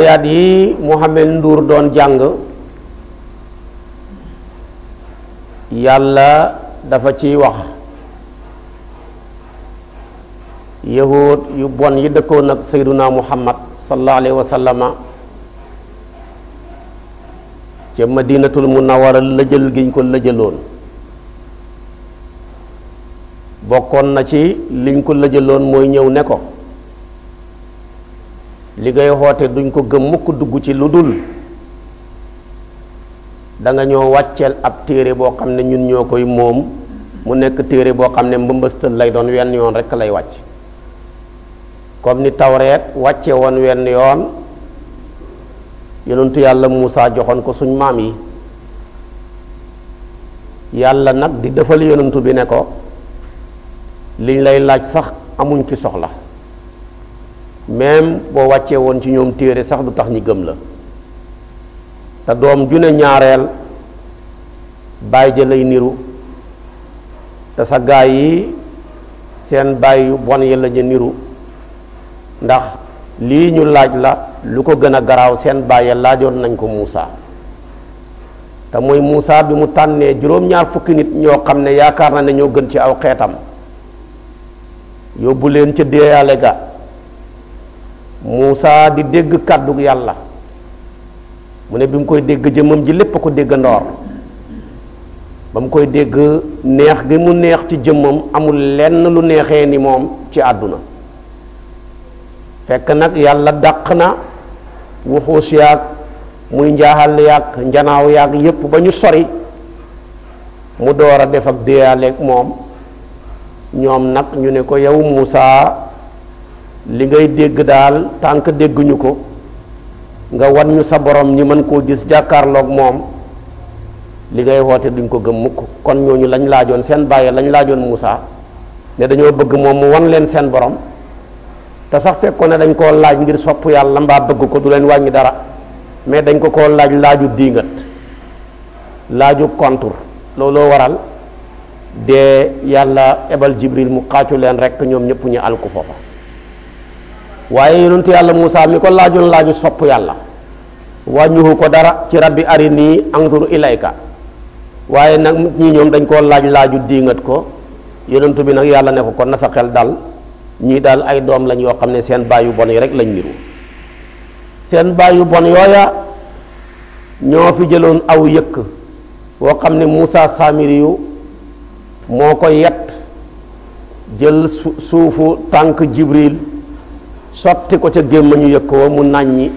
aayaat yi Mohamed nduur doon jàng yàlla dafa ciy wax yahud yu bon yi dëkkoon ak sayduna muhammad sallallahu alayhi wa sallama ca madinatul munawara lëjël giñ ko lëjëloon bokkoon na ci liñ ko lëjëloon mooy ñëw ne ko li ngay xoote duñ ko gëm mukk dugg ci lu dul danga ñoo wàcceel ab téere boo xam ne ñun ñoo koy moom mu nekk téere boo xam ne mbëmbëstal lay doon wenn yoon rekk lay wàcc comme ni tawreet wàcce woon wenn yoon yonentu yàlla musaa joxoon ko suñ maam yi yàlla nag di defal yonentu bi ne ko liñ lay laaj sax amuñ ci soxla même boo wàccee woon ci ñoom téere sax du tax ñi gëm la te doom ju ne ñaareel baay ja lay niru te sa gaa yi seen baay yu bon ya la ñu niru ndax lii ñu laaj la lu ko gën a garaaw seen baay ya laajoon nañ ko Muusa te mooy Muusa bi mu tànnee juróom-ñaar fukki nit ñoo xam ne yaakaar na ne ñoo gën ci aw xeetam yóbbu leen ca deeyaale ga Moussa di dégg kàddu yàlla mu ne bi mu koy dégg jëmmam ji lépp a ko dégg ndoor ba mu koy dégg neex gi mu neex ci jëmmam amul lenn lu neexee ni moom ci àdduna fekk nag yàlla dàq na wuxuus yaag muy njaaxal yaag njanaaw yàgg yépp ba ñu sori mu door a def ak déyaaleeg moom ñoom nag ñu ne ko yow Moussa li ngay dégg daal tànk dégguñu ko nga wan ñu sa borom ñi mën koo gis jàkkaarlook moom li ngay woote duñ ko gëm mukk kon ñooñu lañ laajoon seen bàyyi lañ laajoon Moussa ne dañoo bëgg moom mu wan leen seen borom te sax fekkoon ne dañ koo laaj ngir sopp yàlla mbaa bëgg ko du leen wàññi dara mais dañ ko koo laaj laaju diingat laaju kontur looloo waral de yàlla ebal jibril mu xaacu leen rek ñoom ñëpp ñu alku ko waaye yonentu yàlla Muusaa mi ko laajoon laaju sopp yàlla wàññiwu ko dara ci rabbi arinii anzur ilayka waaye nag ñi ñoom dañ koo laaj laaju diingat ko yonentu bi nag yàlla ne ko kon na sa xel dal ñii daal ay doom lañ yoo xam ne seen baay yu bon yi rek lañ niru seen baay yu bon yooya ñoo fi jëloon aw yëkk woo xam ne Muusaa Saamiri yu moo ko yett jël suufu tànk Jibril sotti ko ca gemma ñu ko mu nañi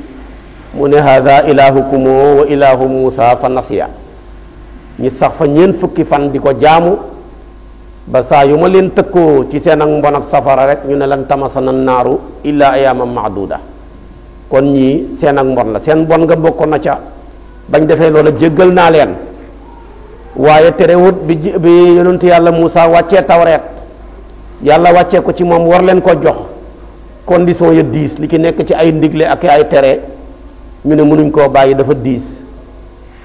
mu ne hada ilahukum wa ilahu musa fa nasiya ñi sax fa ñeen fukki fan di ko jaamu ba sa yuma ma leen tëkkoo ci seen ak mbon ak safara rek ñu ne lan tamasana naru illa ayyaman ma'duda kon ñi seen ak mbon la seen bon nga bokko na ca bañ defé loola jéggal na leen terewut bi bi yonent yalla musa wacce tawret yalla wacce ko ci mom war leen ko jox condition ya diis li ci nekk ci ay ndigle ak ay tere ñu ne mënuñ koo bàyyi dafa diis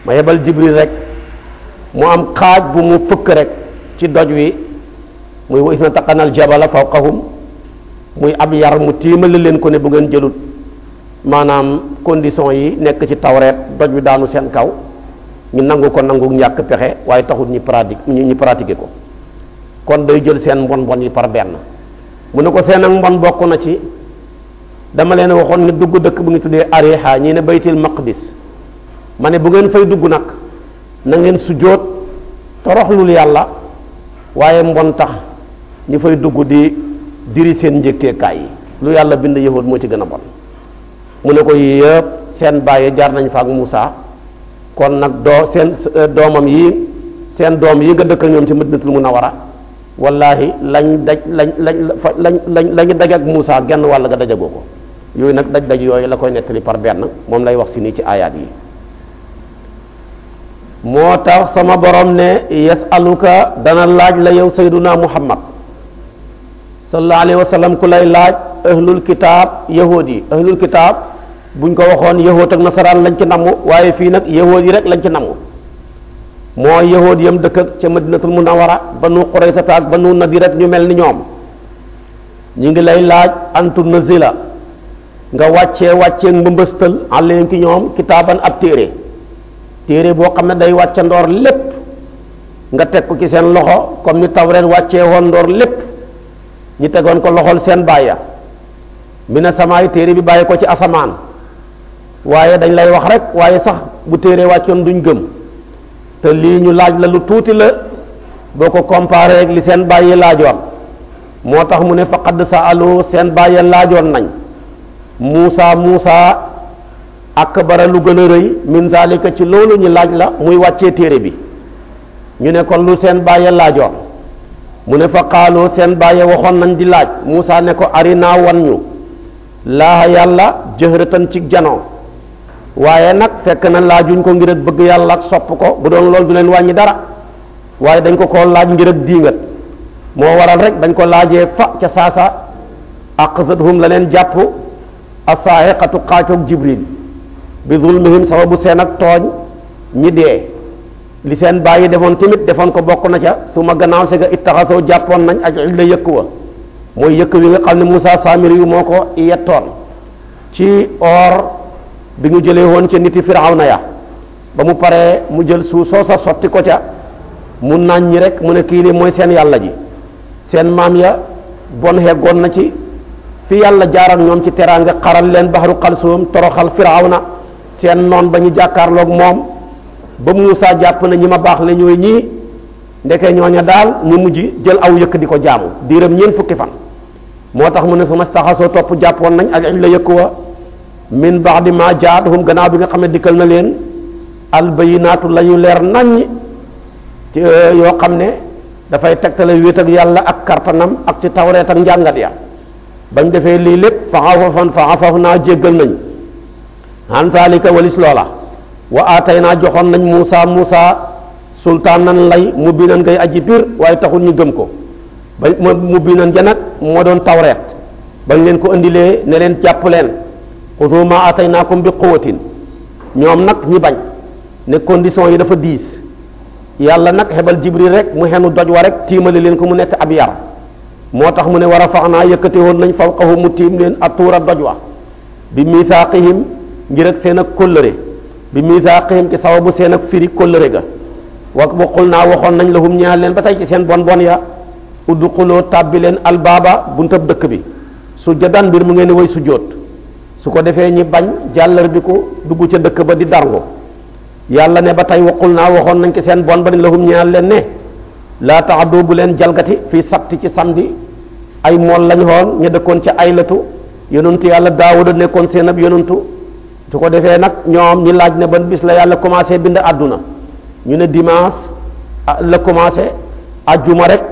ma yebal jibril rek mu am xaaj bu mu fëkk rek ci doj wi muy wa isna taqanal jabala fawqahum muy ab yar mu tiimale leen ko ne bu ngeen jëlut maanaam condition yi nekk ci tawreet doj wi daanu seen kaw ñu nangu ko nangu ñàkk pexe waaye ñu ñi ñu ñu pratiquer ko kon day jël seen mbon mbon yi par benn mu ne ko seen ak mbon bokk na ci dama leen waxoon ne dugg dëkk bu ñu tuddee ariha ñi ne baytil maqdis ma ne bu ngeen fay dugg nag na ngeen sujjóot toroxlul yàlla waaye mbon tax ñu fay dugg di diri seen njëkkeekaay yi lu yàlla bind yahud moo ci gën a bon mu ne ko yii yëpp seen bàyyi jaar nañ fa ak Muusa kon nag doo seen euh, doomam yi seen doom yi nga dëkkal ñoom ci mun Madinatul Munawara wallahi lañ daj lañ lañ lañ lañ lañu daj ak Moussa genn wàll ga dajagoo ko yooyu nag daj daj yooyu la koy nettali par benn moom lay wax si nii ci ayaat yi moo tax sama borom ne yasaluka dana laaj la yow sayduna muhammad sallallahu alayhi wa sallam ku lay laaj ahlul kitaab yahood yi ahlul kitaab buñ ko waxoon yahood ak nasaraan lañ ci namm waaye fii nag yahood yi rek lañ ci namm moo yahood yam dëkk ak ca sa munawara banu quraysata ak banu rek ñu mel ni ñoom ñu ngi lay laaj antu nazila nga wàccee wàccee mbëmbëstal alayhim ki ñoom kitaaban ab téere téere boo xam ne day wàcce ndoor lépp nga teg ko ci seen loxo comme ni tawreet wàccee woon ndoor lépp ñu tegoon ko loxol seen bàyya mi ne samaay téere bi bàyyi ko ci asamaan waaye dañ lay wax rek waaye sax bu téere wàccoon duñ gëm te lii ñu laaj la lu tuuti la boo ko comparé ak li seen bàyyi laajoon moo tax mu ne faqad saalu seen bàyyi laajoon nañ musaa Muusa ak akbara lu gën a rëy min zalika ci loolu ñu laaj la muy wàcce téere bi ñu ne kon lu seen bàyyi laajoon mu ne fa qaaloo seen bàyyi waxoon nañ di laaj Muusa ne ko arinaa wan ñu laaha yàlla jëhratan ci janoo waaye nag fekk na laajuñ ko ngir ak bëgg yàlla ak sopp ko bu doon loolu du leen wàññi dara waaye dañ ko koo laaj ngir ak diingat moo waral rek bañ ko laajee fa ca saasa aqsathum la leen jàpp asaaxiqatu xaacoog jibril bi zulmihim bu seen ak tooñ ñi dee li seen bàyyi defoon tamit defoon ko bokk na ca su ma gannaaw si nga ittaxasoo jàppoon nañ ak illa yëkk wa mooy yëkk wi nga xam ne Moussa Samiri yu moo ko yettoon ci or bi mu jëlee woon ca niti firawna ya ba mu paree mu jël suuf sa sotti ko ca mu naan ñi rek mu ne kii de mooy seen yàlla ji seen maam ya bon heggoon na ci fi yàlla jaar ak ñoom ci len xaral leen baxaru xalsuum toroxal firawna seen noon ba ñu jàkkaarloog moom ba Moussa jàpp na ñi ma baax la ñooy ñii ndeke ñooña daal ñu mujj jël aw yëkk di ko jaamu diiram ñeen fukki fan moo tax mu ne su ma taxasoo topp jàppoon nañ ak illa min ba'di ma jaatuhum gannaaw bi nga xam ne dikkal na leen albayinaatu naatu ñu leer naññ euh, yoo xam ne dafay tegtale wéet ak yàlla ak kartanam ak ci tawreet ak njàngat ya bañ defee lii lépp fa afafan fa afaf naa jéggal nañ han saalika walis loola wa aatay naa joxoon nañ Muusa Muusa sultaan nan lay mu binan ngay aji biir waaye taxul ñu gëm ko ba mu binan ja nag moo doon tawreet bañ leen ko indilee ne leen jàpp leen xudu ma ataynakum bi quwatin ñoom nag ñi bañ ne condition yi dafa diis yàlla nag hebal jibril rek mu xenu doj wa rek tiimale leen ko mu nekk ab yar moo tax mu ne war a fax naa yëkkati woon nañ fawqahu mu tiim leen atuura doj wa bi misaaqihim ngir ak seen ak kóllëre bi misaaqihim ci sababu seen ak firi kóllëre ga wa waxul naa waxoon nañ lahum ñaal leen ba tey ci seen bon bon ya udduxuloo tàbbi leen albaaba buntab dëkk bi su jadan mbir mu ngeen way su jóot su ko defee ñi bañ jàllar dugg ca dëkk ba di darngu yàlla ne ba tey waqul naa waxoon nañ ko seen bon ba ni lahum ñaan leen ne laa taxadoo bu leen jalgati fii sabti ci samedi ay mool lañ xoon ña dëkkoon ca aylatu yonentu yàlla daawuda nekkoon seen ab yonentu su ko defee nag ñoom ñi laaj ne ban bis la yàlla commencé bind àdduna ñu ne dimanche ah, la commencé ajjuma rek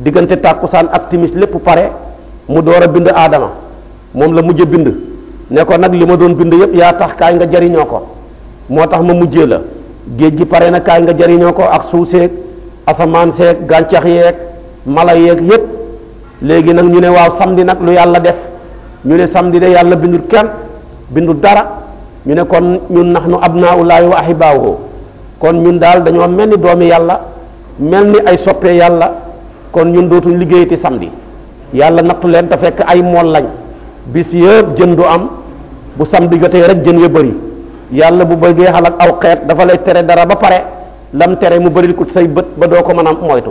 diggante tàkkusaan ak timis lépp pare mu door a bind aadama moom la mujj bind ne ko nag li ma doon bind yëpp yaa tax kaay nga jariñoo ko moo tax ma mujjee la géej gi pare na kaay nga jariñoo ko ak suuf seeg asamaan seeg gàncax yeeg mala yeeg yëpp léegi nag ñu ne waaw samedi nag lu yàlla def ñu ne samedi de yàlla bindul kenn bindul dara ñu ne kon ñun nax nu abnaaullaahi wa ahibaawoo kon ñun daal dañoo mel ni doomi yàlla mel ni ay soppee yàlla kon ñun dootuñ liggéeyati samedi yàlla nattu leen te fekk ay mool lañ bis yëpp jën du am bu samedi jotee rek jën ya bëri yàlla bu bëggee xalak aw xeet dafa lay tere dara ba pare lam tere mu bari ko say bët ba doo ko mën a moytu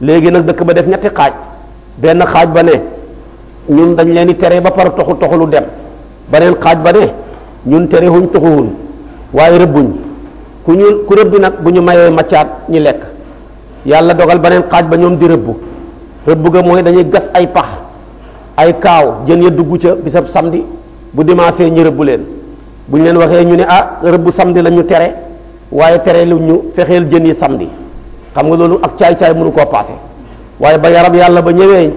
léegi nag dëkk ba def ñetti xaaj benn xaaj ba ne ñun dañ leen di tere ba pare toxu toxu dem beneen xaaj ba ne ñun terewuñ toxuwuñ waaye rëbbuñ ku ñu ku rëbbi nag bu ñu mayee maccaat ñi lekk yàlla dogal beneen xaaj ba ñoom di rëbbu rëbb ga mooy dañuy gas ay pax ay kaaw jën ya dugg ca bisab samedi bu dimaasee ñu rëbbu leen bu ñu leen waxee ñu ne ah rëbbu samedi la ñu tere waaye tere lu ñu fexeel jën yi samedi xam nga loolu ak caay-caay mënu koo paase waaye ba yarab yàlla ba ñëwee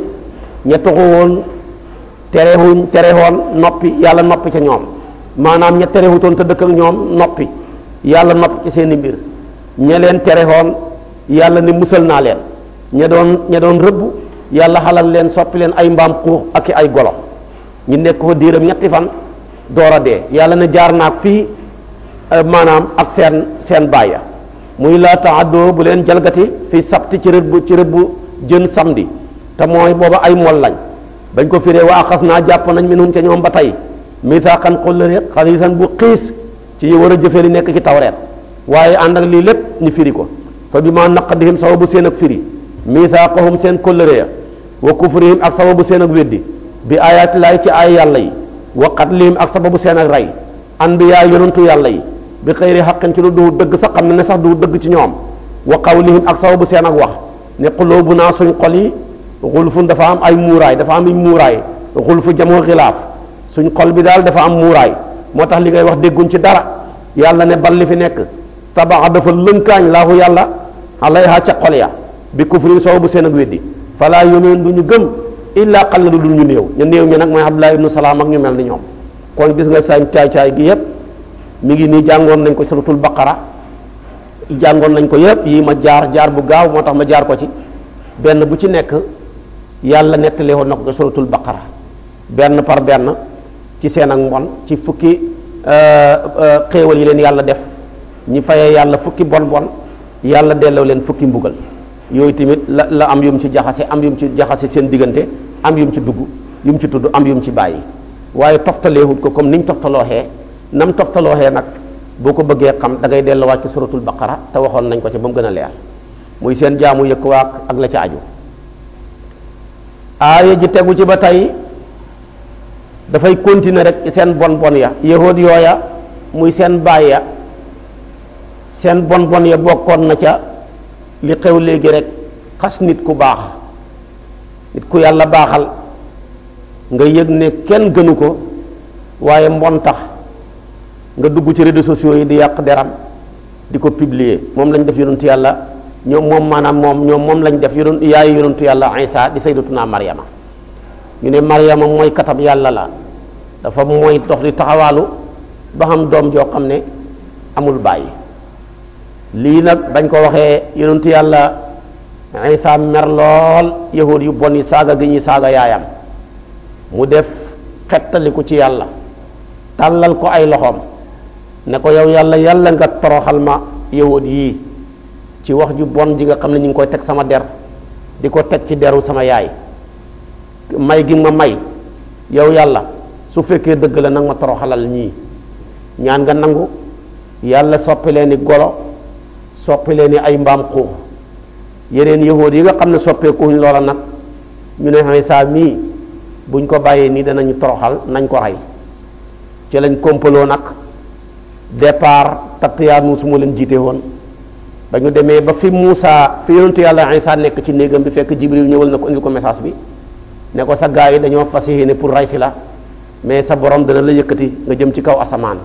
ña toxu woon terewuñ terewoon noppi yàlla noppi ca ñoom maanaam ña terewutoon te dëkk ak ñoom noppi yàlla noppi ci seeni mbir ña leen terewoon yàlla ne musal naa leen ña doon ña doon rëbb yàlla xalal leen soppi leen ay mbaam xuux ak i ay golo ñu nekk ko diiram ñetti fan door a dee yàlla na jaar naag fii euh, maanaam ak seen seen bàyya muy laa taaddoo bu leen jalgati fii sabti ci rëbb ci rëbb jën samedi te mooy booba ay mol lañ bañ ko firee waa xas naa jàpp nañ minhum ca ñoom ba tey misaaxan xollëre xaliisan bu xiis ci ñu war a jëfe li nekk ci tawreet waaye ànd ak lii lépp ñu firi ko fa bi ma naqdihim bu seen ak firi misaaqahum seen kóllëre ya wa kufrihim ak sababu seen ak weddi bi ayaati laay ci ay yàlla yi waqat liim ak sababu seen ak rey anbiyaa yonantu yàlla yi bi xëyri xaqin ci lu du dëgg sax xam ne ne sax du dëgg ci ñoom wa qawlihim ak sababu seen ak wax ne xulóobu naa suñ xol yi xulfun dafa am ay muuraay dafa am ay muuraay xulfu jamoo xilaaf suñ xol bi daal dafa am muuraay moo tax li ngay wax dégguñ ci dara yàlla ne bal li fi nekk tabaxa dafa lënkaañ laahu yàlla alayha ca xol ya bi kufrin sababu seen ak weddi illaa xal na du dul ñu néew ñu néew ñi nag mooy Abdullah ibnu Salaam ak ñu mel ni ñoom kon gis nga saañ caay-caay gi yépp mi ngi nii jàngoon nañ ko suratul baqara jàngoon nañ ko yépp yi ma jaar jaar bu gaaw moo tax ma jaar ko ci benn bu ci nekk yàlla nettali woon na ko suratul baqara benn par benn ci seen ak mbon ci fukki euh, euh, xéewal yi leen yàlla def ñi fayee yàlla fukki bon bon yàlla delloo leen fukki mbugal yooyu tamit la la am yum ci jaxase am yum ci jaxase seen diggante am mu ci dugg mu ci tudd am yu mu ci bàyyi waaye toftaleewut ko comme niñ toftalooxee nam toftalooxee nag boo ko bëggee xam da ngay delluwaat ci suratul baqara te waxoon nañ ko ci ba mu gën a leer muy seen jaamu yëkkuwaak ak la ca aju aaya ji tegu ci ba tey dafay continuer rek seen bon bon ya yahood yooya muy seen baay ya seen bon bon ya bokkoon na ca li xew léegi rek xas nit ku baax nit ku yàlla baaxal nga yëg ne kenn gënu ko waaye mbon tax nga dugg ci réseaux sociaux yi di yàq deram di ko publier moom lañ def yonentu yàlla ñoom moom maanaam moom ñoom moom lañ def yonent yaayu yonentu yàlla Isa di naa Maryama ñu ne Maryama mooy katab yàlla la dafa mooy dox di taxawaalu ba xam doom joo xam ne amul bàyyi lii nag bañ ko waxee yonentu yàlla isa mer lool yahud yu bon yi saaga gi ñuy saaga yaayam mu def xettaliku ci yàlla tàllal ko ay loxoom ne ko yow yàlla yàlla nga toroxal ma yahud yii ci wax yu bon ji nga xam ne ñu ngi koy teg sama der di ko teg ci deru sama yaay may gi ma may yow yàlla su fekkee dëgg la nag ma toroxalal ñii ñaan nga nangu yàlla soppi leen ni golo soppi leen ay mbaam xuux yeneen yahood yi nga xam ne soppeekuñ loola nag ñu ne Isaa mii buñ ko bàyyee nii danañu toroxal nañ ko rey ci lañ kompaloo nag départ tattiyaanuus moo leen jiite woon ba ñu demee ba fi Moussa fi yonentu yàlla Isaa nekk ci néegam bi fekk Jibril ñëwal na ko indi ko message bi ne ko sa gaa yi dañoo fas yéene pour rey si la mais sa borom dana la yëkkati nga jëm ci kaw asamaan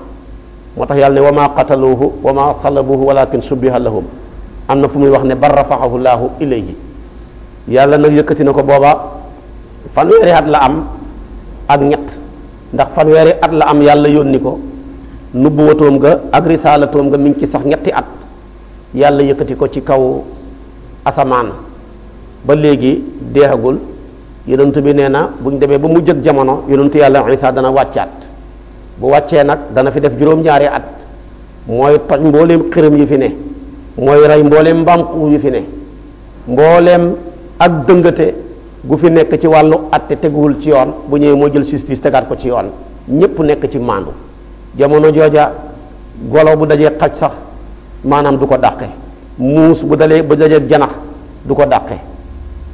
moo tax yàlla ne wa maa qataluuhu wa maa salabuuhu walakin subbiha lahum am na fu muy wax ne bal rafaxahu laahu ilayhi yàlla nag yëkkati na ko booba fanweeri at la am ak ñett ndax fanweeri at la am yàlla yónni ko nubbuwatoom ga ak risaalatoom ga mi ngi ci sax ñetti at yàlla yëkkati ko ci kaw asamaan ba léegi deexagul yonentu bi nee na bu ñu demee ba mu jëg jamono yonentu yàlla Isa dana wàccaat bu wàccee nag dana fi def juróom-ñaari at mooy toj mboolem xërëm yi fi ne mooy rey mbooleem mbaamku yi fi ne mbooleem ak dëngate gu fi nekk ci wàllu atte teguwul ci yoon bu ñëwee moo jël justice tegaat ko ci yoon ñépp nekk ci maandu jamono jooja golo bu dajee xaj sax maanaam du ko dàqe muus bu dalee bu dajee janax du ko dàqe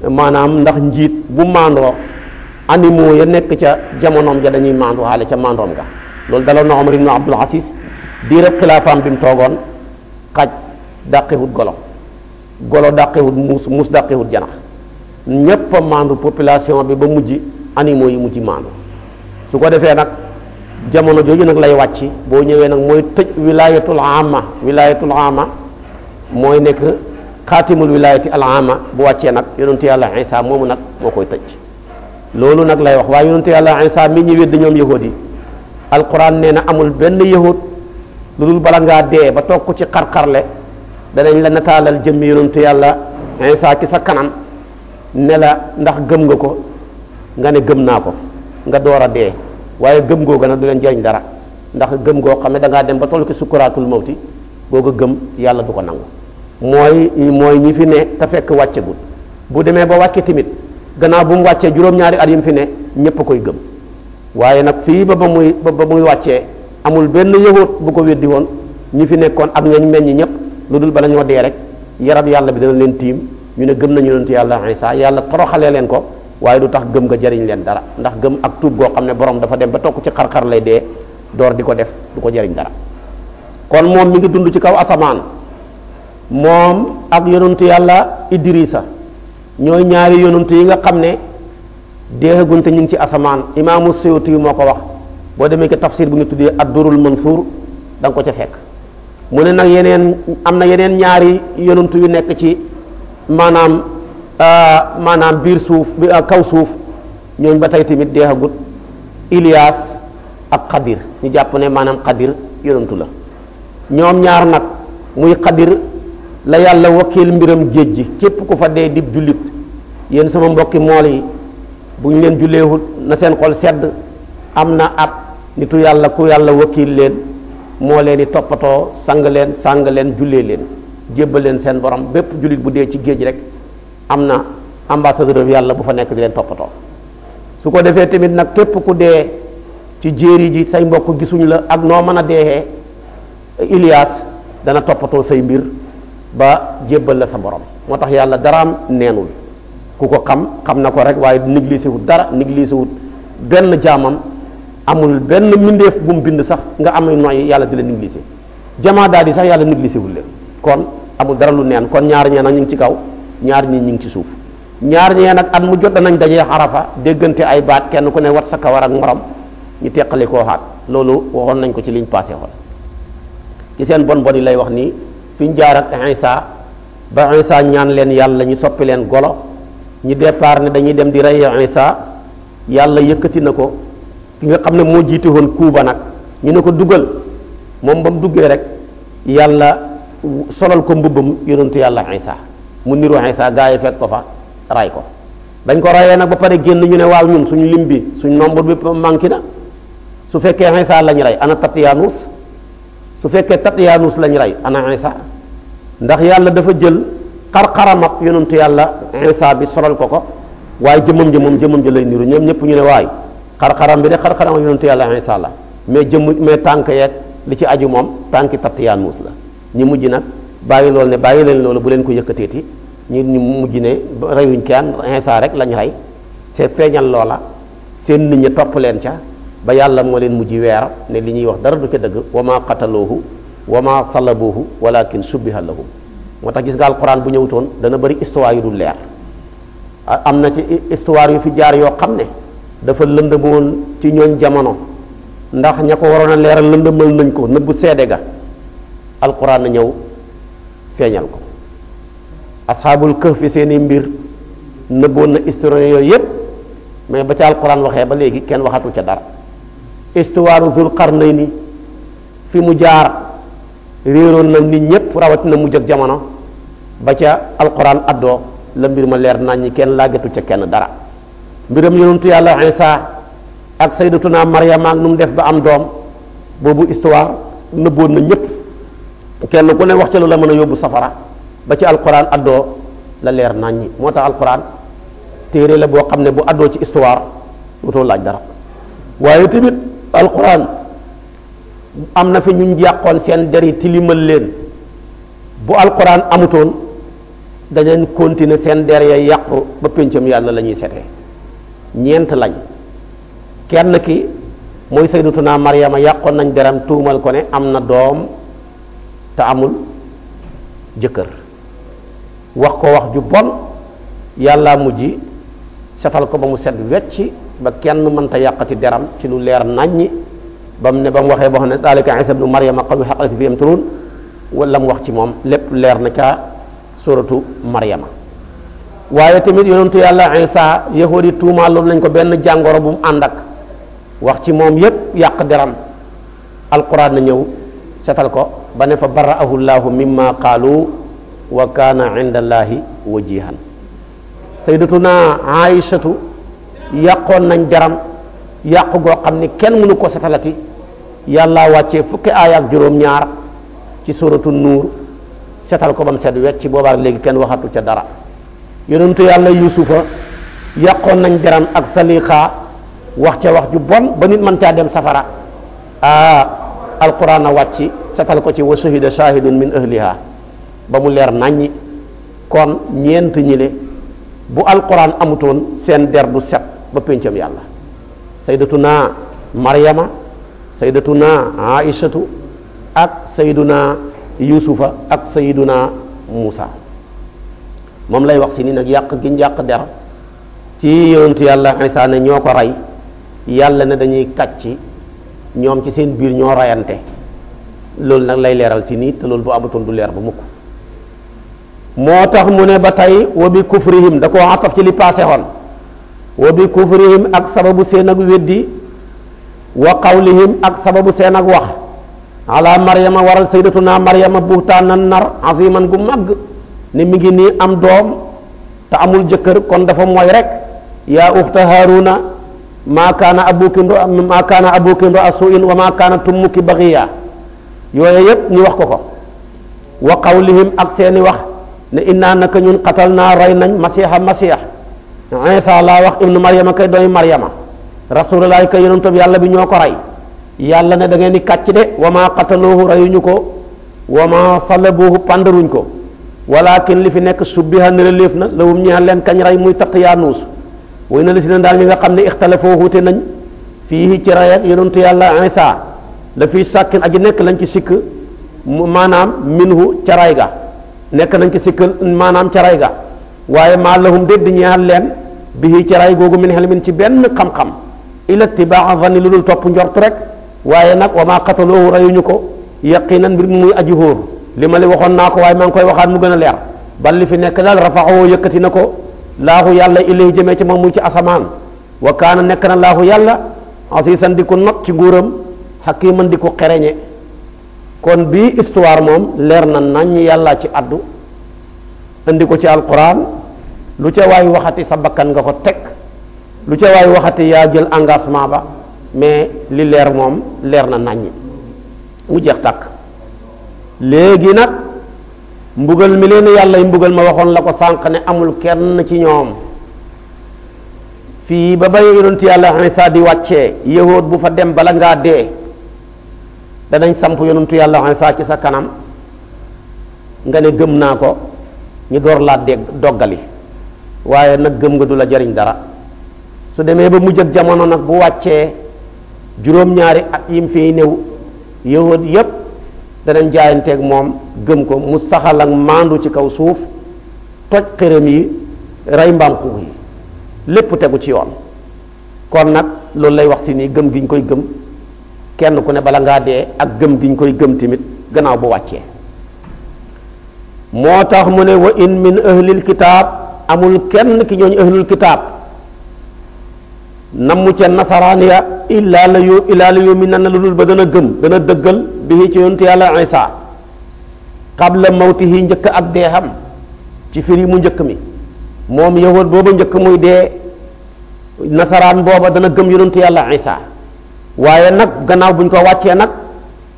maanaam ndax njiit bu maandoo animaux ya nekk ca jamonoom ja dañuy maandu xaale ca maandoom ga loolu daloon na Omar ibnu Abdul Aziz diirab xilaafaam bi mu toogoon xaj dàqewut golo golo dàqewut muus muus dàqewut janax ñépp a maandu population bi ba mujj animaux yu mujj maandu su ko defee nag jamono jooju nag lay wàcc boo ñëwee nag mooy tëj wilaayatul ama wilaayatul ama mooy nekk xaatimul wilaayati al ama bu wàccee nag yonentu yàlla Isa moomu nag moo koy tëj loolu nag lay wax waaye yonentu yàlla Isa mi ñu wedd ñoom yahuud alquran nee na amul benn yahut lu dul bala ngaa dee ba toog ko ci xarxarle danañ la nataalal jëmmi yonentu yàlla Isaa ci sa kanam ne la ndax gëm nga ko nga ne gëm naa ko nga door a dee waaye gëm goo nag du leen jëriñ dara ndax gëm goo xam ne dangaa dem ba toll ci sukkuraatul boo ko gëm yàlla du ko nangu mooy mooy ñi fi ne te fekk wàccegul bu demee ba wàcce tamit gannaaw bu mu wàccee juróom-ñaari at yi mu fi ne ñépp koy gëm waaye nag fii ba ba muy ba muy wàccee amul benn yahut bu ko weddi woon ñi fi nekkoon ak ñañ meññ ñëpp lu dul bala ñoo dee rek yaram yàlla bi dana leen tiim ñu ne gëm nañu yonent yàlla isa yàlla toroxalee leen ko waaye du tax gëm nga jariñ leen dara ndax gëm ak tuub goo xam borom dafa dem ba tokk ci xar-xar lay dee door di def du ko jariñ dara kon moom mi ngi dund ci kaw asamaan moom ak yonent yàlla idrisa ñooy ñaari yonent yi nga xam deexagun te ñu ngi ci asamaan imaamu Suyuti yi moo ko wax boo demee ci tafsir bu ñu tuddee ad-Durrul Mansuur da nga ko ci fekk mu ne nag yeneen am na yeneen ñaari yonantu yu nekk ci maanaam euh, maanaam biir suuf bi euh, kaw suuf ñooñ ba tey tamit deexagut Ilias ak Xadir ñu jàpp ne maanaam Xadir yonantu la ñoom ñaar nag muy Xadir la yàlla wakkil mbiram géej gi képp ku fa dee di jullit yéen sama mbokki mool yi bu ñu leen julleewul na seen xol sedd am na ab nitu yàlla ku yàlla wakiil leen moo leen di toppatoo sang leen sang leen jullee leen jébbal leen seen borom bépp jullit bu dee ci géej rek am na ambassadeur yàlla bu fa nekk di leen toppatoo su ko defee tamit nag képp ku dee ci jéeri ji say mbokk gisuñ la ak noo mën a deexee Ilias dana toppatoo say mbir ba jébbal la sa borom moo tax yàlla dara am neenul ku ko xam xam na ko rek waaye néglisé wut dara néglisé wut benn jaamam amul Ben mbindeef bu mu bind sax nga am noy yàlla di la néglisé jamaa daal di sax yàlla néglisé wul leen kon amul dara lu neen kon ñaar ñee nag ñu ngi ci kaw ñaar ñi ñu ngi ci suuf ñaar ñee nag at mu jot nañ dajee xarafa déggante ay baat kenn ku ne wat sa kawar ak morom ñu teqali koo xaat loolu waxoon nañ ko ci liñ passé xol ci seen bon bon yi lay wax ni fiñ jaar ak isa ba isa ñaan leen yàlla ñu soppi leen golo ñi départ ne dañuy dem di rey Isa yàlla yëkkati na ko ki nga xam ne moo jiite woon Kuuba nag ñu ne ko dugal moom ba mu duggee rek yàlla solal ko mbubbam yonentu yàlla Isa mu niru Isa gaa yi fekk ko fa ray ko bañ ko rayee nag ba pare génn ñu ne waaw ñun suñu lim bi suñ nombre bi manqué na su fekkee Isa lañ rey ana Tatianus su fekkee Tatianus lañ rey ana Isa ndax yàlla dafa jël Kar ak yonentu yalla mm. isa bi soral ko ko waaye jëmmam ji moom jëmmam lay niru ñoom ñëpp ñu ne waay xarxaram bi de xarxaram yonentu yalla isa la mais jëmm mais tank yeeg li ci aju mom tanki tatiyan musla ñi mujj nak bayyi lol ne bayyi len lol bu len ko ñi ñu mujj ne reyuñ kenn isa rek lañ ray c'est feñal lola seen nit ñi top len ca ba yalla mo len mujj wër ne li ñi wax dara du ci dëgg wa ma wama salabuhu walakin subbiha moo tax gis nga alquran bu ñëwutoon dana bëri histoire yu dul leer am na ci histoire yu fi jaar yoo xam ne dafa lëndëm woon ci ñooñ jamono ndax ña ko waroon a leeral lëndëmal nañ ko nëbbu seede ga alquran na ñëw feeñal ko asxaabul këf fi seeni mbir nëbboon na historien yooyu yépp mais ba ca alquran waxee ba léegi kenn waxatu ca dara histoire zul ni fi mu jaar réeroon na nit ñépp rawatina mu jëg jamono ba ca alquran addoo la mbir ma leer nañ ñi kenn laagatu ca kenn dara mbiram yonentu yàlla Isa ak sayyidatuna Maryam ak nu mu def ba am doom boobu histoire nëbboon na ñëpp kenn ku ne wax ca lu la mën a yóbbu safara ba ci alquran addoo la leer nañ moo tax alquran téere la boo xam ne bu addoo ci histoire dootoo laaj dara waaye tamit alquran am na fi ñu yàqoon seen deri tilimal leen bu alquran amutoon dañen continuer sen der ya yàqu ba pencam yalla lañuy sété ñent lañ kenn ki moy sayyidatuna maryama yaqon nañ deram tuumal ko ne amna dom ta amul jëkër wax ko wax ju bon yalla mujj safal ko ba mu sét wécc ba kenn ta yaqati deram ci lu leer naññi bam ne bam waxe bo xone talika isa ibn maryama qawmi xaqalati fi wala mu wax ci mom lepp leer na ca suratu maryama waaye tamit yonentu yàlla Isa yahuud yi tuumaaloon ko benn jàngoro bu mu ànd wax ci moom yépp yàq deram alquran na ñëw setal ko ba ne fa bara'ahu llaahu mimma qaalu wa kaana inda allaahi wajihan sayyidatuna Aysatu yàqoon nañ deram yàq goo xam ni kenn mënu ko setalati yàlla wàccee fukki aaya juróom-ñaar ci suratu nuur setal ko bam sedd wet ci boobaa legi ken waxatu ci dara yonentu yalla yusufa yàqoon nañ deram ak salikha wax ci wax ju bon ba nit man ta dem safara ah alquran a setal ko ci wa shahidun min ahliha ba mu leer naññi kon ñent ñi le bu alquran amuton sen der du set ba pencam yalla sayyidatuna maryama sayyidatuna aishatu ak sayyiduna yusufa ak sayyiduna musa mom lay wax ci ni nak yàq gi ñak der ci yonentu yalla isa ne ñoko ray yalla ne dañuy kàcc ñom ci seen biir ño rayante lool nak lay leral si ni te lool bu amatoon du leer bu mukk motax mu ne batay wa bi kufrihim da koo ataf ci li passé hon wa bi kufrihim ak sababu seen ak weddi wa qawlihim ak sababu seen ak wax ala maryama waral sayyidatuna maryama buhtaanan nar aziman gu màgg ne mi ngi nii am doom te amul jëkkër kon dafa mooy rek yaa uxta haaruna maa kaana abuki imra maa wa maa kaanat ummuki baxiya yooyu yëpp ñu wax ko ko wa qawlihim ak seeni wax ne inna naka ñun qatal naa rey nañ masiixa masiix isa laa wax ibnu maryama kay dooy maryama rasululaahi kay yonentu yàlla bi ñoo ko rey yàlla ne da ngeen di kàcc de wama qataluhu rayuñu ko wama salabuhu pandaruñ ko walakin li fi nekk subbiha nërëleef na lawum ñaan leen kañ ray muy tatt yaa nuus way na la si na daal ñi nga xam ne ixtalafoo wuute nañ fii ci ray ak yonentu yàlla isa la fi sàkkin aji nekk lañ ci sikk maanaam minhu ca ray ga nekk nañ ci sikk maanaam ca ray ga waaye maa lahum dédd ñaan leen bi ci ray googu min xel min ci benn xam-xam ila tibaa vani lu dul topp njort rek waaye nag wa maa qataluhu rayuñu ko yaqinan mbir mi muy aju hóor li ma li waxoon naa ko waaye maa ngi koy waxaat mu gën a leer bal li fi nekk daal rafaxoo yëkkati na ko laahu yàlla ilay jëmee ci moom muy ci asamaan wa kaana nekk na laahu yàlla asiisan di ko not ci nguuram xakiman di ko xereñe kon bii histoire moom leer na nañ yàlla ci àddu indi ko ci alquran lu ca waay waxati sa bakkan nga ko teg lu ca waay waxati yaa jël engagement ba mais li leer moom leer na nàññi mu jeex tàkk léegi nag mbugal mi leen yàlla yi mbugal ma waxoon la ko sànq ne amul kenn ci ñoom fii ba bay yonent yàlla Iisaa di wàccee yahood bu fa dem bala ngaa dee danañ samp yonentu yàlla Iisaa ci sa kanam nga ne gëm naa ko ñu door laa dégg doggali waaye nag gëm nga du la jariñ dara su demee ba mujj ak jamono nag bu wàccee juróom-ñaari at yim fiy néew yahud yépp danañ jaayanteeg moom gëm ko mu saxal ak maandu ci kaw suuf toj xërëm yi rey mbankuux yi lépp tegu ci yoon kon nag loolu lay wax si nii gëm giñ koy gëm kenn ku ne bala ngaa dee ak gëm giñ koy gëm tamit gannaaw bu wàccee moo tax mu ne wa min ahlil kitaab amul kenn ki ñooñu ahlul kitaab namm ca nasaraan ya illaa la yu illaa la yumina na lu dul ba dana gëm dana dëggal bi ci yontu yàlla Isa qabla njëkk ak dee xam ci firi mu njëkk mi moom yahud booba njëkk muy dee nasaraan booba dana gëm yonentu yàlla Isa waaye nag gannaaw buñ ko wàccee nag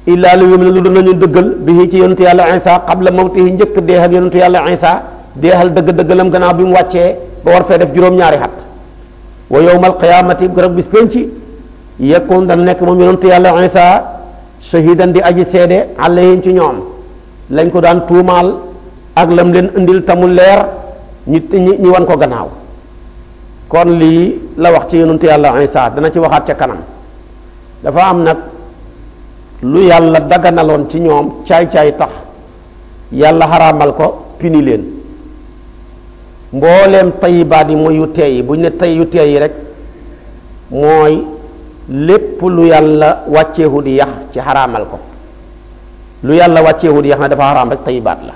illaa la yumina lu dul nañu dëggal bi ci yonentu yàlla Isa qabla mawtihi njëkk deexal yonentu yàlla Isa deexal dëgg dëggalam gannaaw bi mu wàccee ba war fee def juróom-ñaari xat wa yowmal qiyaamati garab bis penc yakun dana nekk moom yonent yàlla Isaa shahidan di aji seede alayhim ci ñoom lañ ko daan tuumaal ak lam leen indil tamu leer ñi ñi wan ko gannaaw kon lii la wax ci yonent yàlla Isaa dana ci waxaat ca kanam dafa am nag lu yàlla dagganaloon ci ñoom caay-caay tax yàlla xaraamal ko pini leen mbooleem tayibaat yi mooy yu teey yi bu ñu ne tey yu teey yi rek mooy lépp lu yàlla wàcceehu di yax ci xaramal ko lu yàlla wàcceehu di yax ne dafa xaraam rek tayibaat la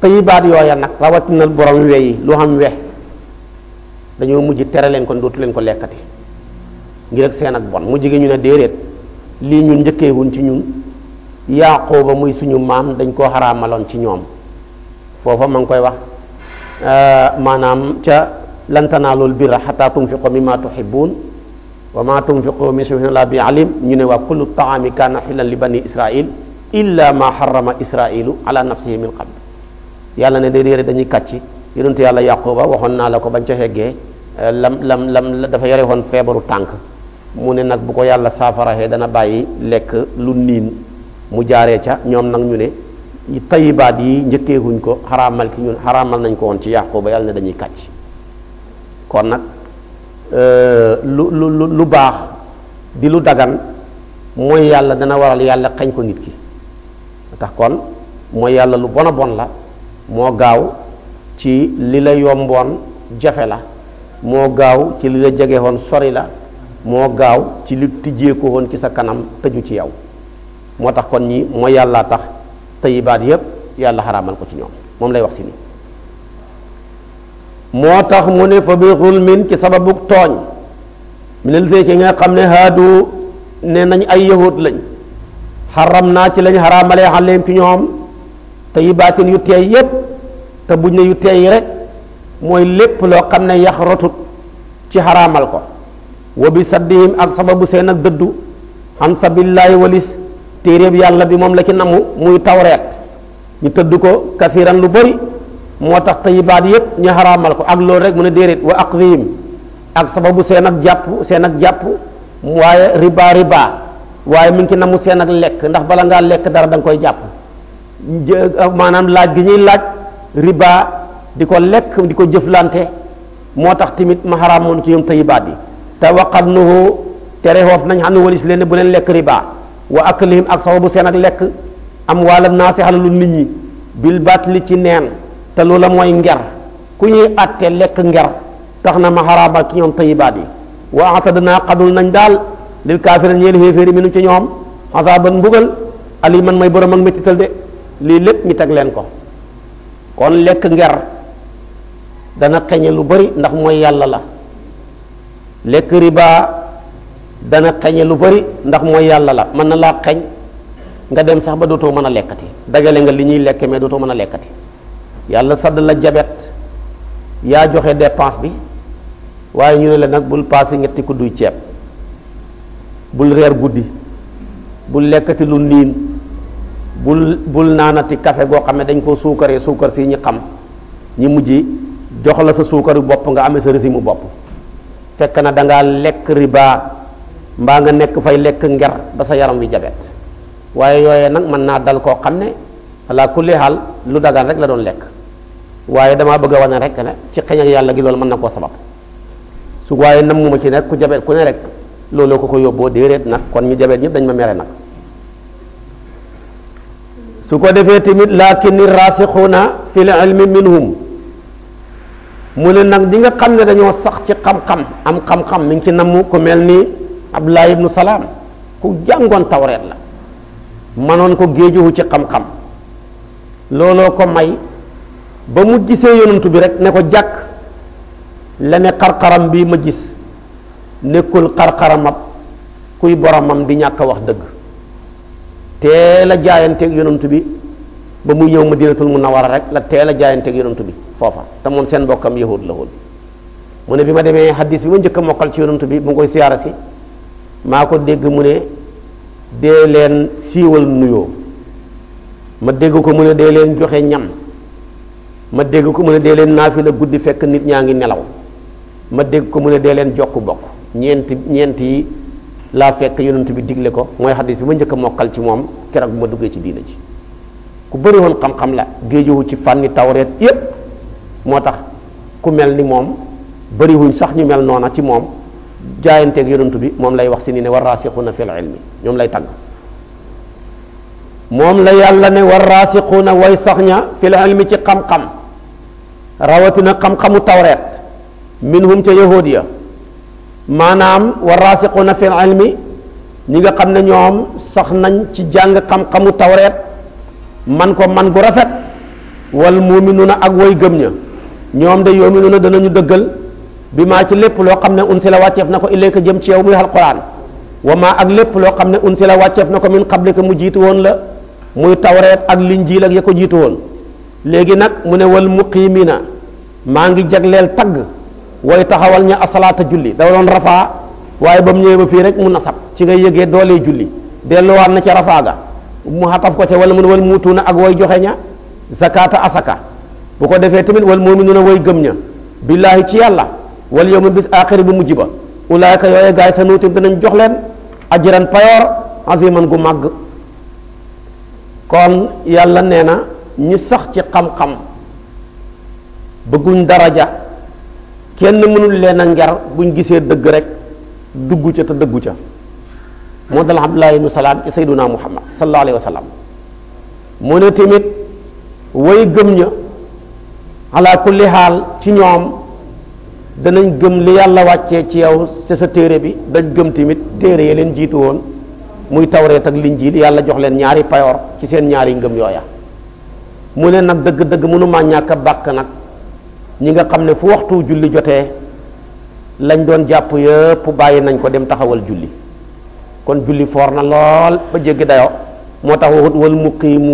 tayibaat yooya nag na borom we yi lu xam we dañoo mujj tere leen ko dootu leen ko lekkati ngir ak seen ak bon mu gi ñu ne déedéet lii ñun njëkkeewuñ ci ñun Yaaqooba muy suñu maam dañ koo xaraamaloon ci ñoom foofa ma ngi koy wax maanaam ca lan tanaalul birra xataa tunfiqu mimma tuhibbun wa ma tunfiqu min shay'in la bi alim ñu ne waa kullu taami kaana xillan li bani israil illa ma xarama israilu ala nafsihi min qabl yàlla ne day yére dañuy kàcci yonentu yàlla yaquba waxoon naa la ko bañ ca xeggee lam lam lam dafa yore woon feebaru tànk mu ne nag bu ko yàlla saafaraxee dana bàyyi lekk lu niin mu jaaree ca ñoom nag ñu ne tayibaat yi njëkkeewuñ ko xaraamal ki ñun xaraamal nañ ko woon ci ba yàlla ne dañuy kàcc kon nag euh, lu lu lu baax di lu dagan mooy yàlla dana waral yàlla xañ ko nit ki tax kon mooy yàlla lu bon a bon la moo gaaw ci li la yomboon jafe la moo gaaw ci li la jege woon sori la moo gaaw ci li tijjee ko woon ci sa kanam tëju ci yow moo tax kon ñi mooy yàllaa tax tayibaat yépp yàlla xaraamal ko ci ñoom moom lay wax si nii moo tax mu ne fa bi ci sababu tooñ minel fee nga xam ne haadu ne nañ ay yahud lañ xaram naa ci lañ xaraamalee xaleem ci ñoom tayibaatin yu teey yépp te buñ ne yu teey rek mooy lépp loo xam ne yax rotut ci xaraamal ko wa bi saddihim ak sababu seen ak dëddu xan sabillaahi walis téeréeb yàlla bi moom la ci namu muy tawreet ñu tëdd ko kasiran lu bëri moo tax tayibaat yépp ñu xaraamal ko ak loolu rek mu ne déedéet wa aqdihim ak sababu seen ak jàpp seen ak jàpp waaye riba riba waaye mu ngi ci namu seen ak lekk ndax bala ngaa lekk dara da koy jàpp maanaam laaj gi ñuy laaj riba di ko lekk di ko jëflante moo tax tamit ma xaraamoon ci ñoom tayibaat yi te waqat nuhu tere xoof nañ xam ne walis leen bu leen lekk riba wa aklihim ak sababu seen ak lekk am waalam naasi xalalu nit ñi bil li ci neen te loola mooy nger ku ñuy atte lekk nger tax na ma xaraama ki ñoom tayibaat yi wa atadna xadul nañ daal lil kaafira ñeel xéeféeri minum ci ñoom xasaaban mbugal ali man may borom ak méttital de lii lépp ñi teg leen ko kon lekk nger dana xeñe lu bari ndax mooy yàlla la lekk riba dana xañe lu bari ndax mooy yàlla la mën na laa xañ nga dem sax ba dootoo mën a lekkati dagale nga li ñuy lekke mais dootoo mën a lekkati yàlla sadd la jabet yaa joxe dépense bi waaye ñu ne la nag bul paase ñetti kudduy ceeb bul reer guddi bul lekkati lu niin bul bul naanati café goo xam ne dañ koo suukaree suukar si ñi xam ñi mujj jox la sa suukaru bopp nga amee sa régime bopp fekk na dangaa lekk riba mbaa nga nekk fay lekk nger ba sa yaram wi jabet waaye yooyee nag mën naa dal koo xam ne ala kulli xaal lu dagaan rek la doon lekk waaye damaa bëgg a wane rek ci xeñ yàlla gi loolu mën na koo sabab su waaye nam ci nekk ku jabet ku ne rek loolu ko ko yóbboo déedéet nag kon ñu jabet ñëpp dañ ma mere nag su ko defee tamit laa rasixuuna fi l ilmi minhum mu ne nag di nga xam ne dañoo sax ci xam-xam am xam-xam mi ngi ci namm ku mel nii Abdullah ibnu Salaam ku jàngoon tawreet la manoon ko géejuwu ci xam-xam looloo ko may ba mu gisee yonantu bi rek ne ko jàkk la ne xarxaram bi ma gis nekkul xarxaramab kuy boromam di ñàkk wax dëgg teel a jaayanteeg yonantu bi ba muy ñëw Madinatul Munawwara rek la teel a jaayanteeg yonantu bi foofa te moom seen bokkam yahud la woon mu ne bi ma demee hadis bi ma jëkk mokkal ci yonantu bi mu ngi koy siyaara si maa ko dégg mu ne dee leen siiwal nuyoo ma dégg ko mu ne dee leen joxe ñam ma dégg ko mu ne dee leen naafila guddi fekk nit ñaa ngi nelaw ma dégg ko mu ne dee leen jox jokk bokk ñeenti ñeent yi laa fekk yonent bi digle ko mooy xadis bi ma njëkk a mokkal ci moom keroog bu ma duggee ci diina ji ku bëri woon xam-xam la géejuwu ci fànni tawreet yépp moo tax ku mel ni moom bëriwuñ sax ñu mel noona ci moom jaayanteeg yonantu bi moom lay wax si nii ne war raasixuuna fil ilmi ñoom lay tàgg moom la yàlla ne war raasixuuna way sax ña fil ilmi ci xam-xam rawatina xam-xamu tawreet minhum ca yahudiya maanaam war raasixuuna fil ilmi ñi nga xam ne ñoom sax nañ ci jàng xam-xamu tawreet man ko man bu rafet wal muminuuna ak way gëm ña ñoom de yoominuuna danañu dëggal bi maa ci lépp loo xam ne unsila wàcceef na ko ilayka jëm ci yow muy alquran wa maa ak lépp loo xam ne unsila wàcceef na ko min qablika mu jiitu woon la muy tawreet ak linjiil ak ya ko jiitu woon léegi nag mu ne wal na maa ngi jagleel tagg way taxawal ña asalaata julli dafa doon rafaa waaye ba mu ñëwee ba fii rek mu nasab ci nga yëgee doolee julli delluwaat na ca rafaa ga mu xataf ko ca wala mun wal muutuuna ak way joxe ña zakaata asaka bu ko defee tamit wal muminuuna way gëm ña billaahi ci yàlla wal yawmul bis aaxiri bu mujj ba ulaayka yooye gaay sa nuutim dinañ jox leen ajran payoor aziman gu màgg kon yàlla nee na ñi sax ci xam-xam bëgguñ daraja kenn mënul leen a nger buñ gisee dëgg rek dugg ca te dëggu ca moo dal Abdullah ibnu Salaam ci sayduna Muhammad sallallahu alayhi wa mu ne tamit way gëm ña ala kulli xaal ci ñoom danañ gëm li yàlla wàccee ci yow ci sa téere bi dañ gëm tamit téere ya leen jiitu woon muy tawreet ak liñ jiit yàlla jox leen ñaari payoor ci seen ñaari ngëm yooya mu ne nag dëgg-dëgg mënumaa ñàkk a bàkk nag ñi nga xam ne fu waxtu julli jotee lañ doon jàpp yëpp bàyyi nañ ko dem taxawal julli kon julli foor na lool ba jéggi dayo moo tax waxut wal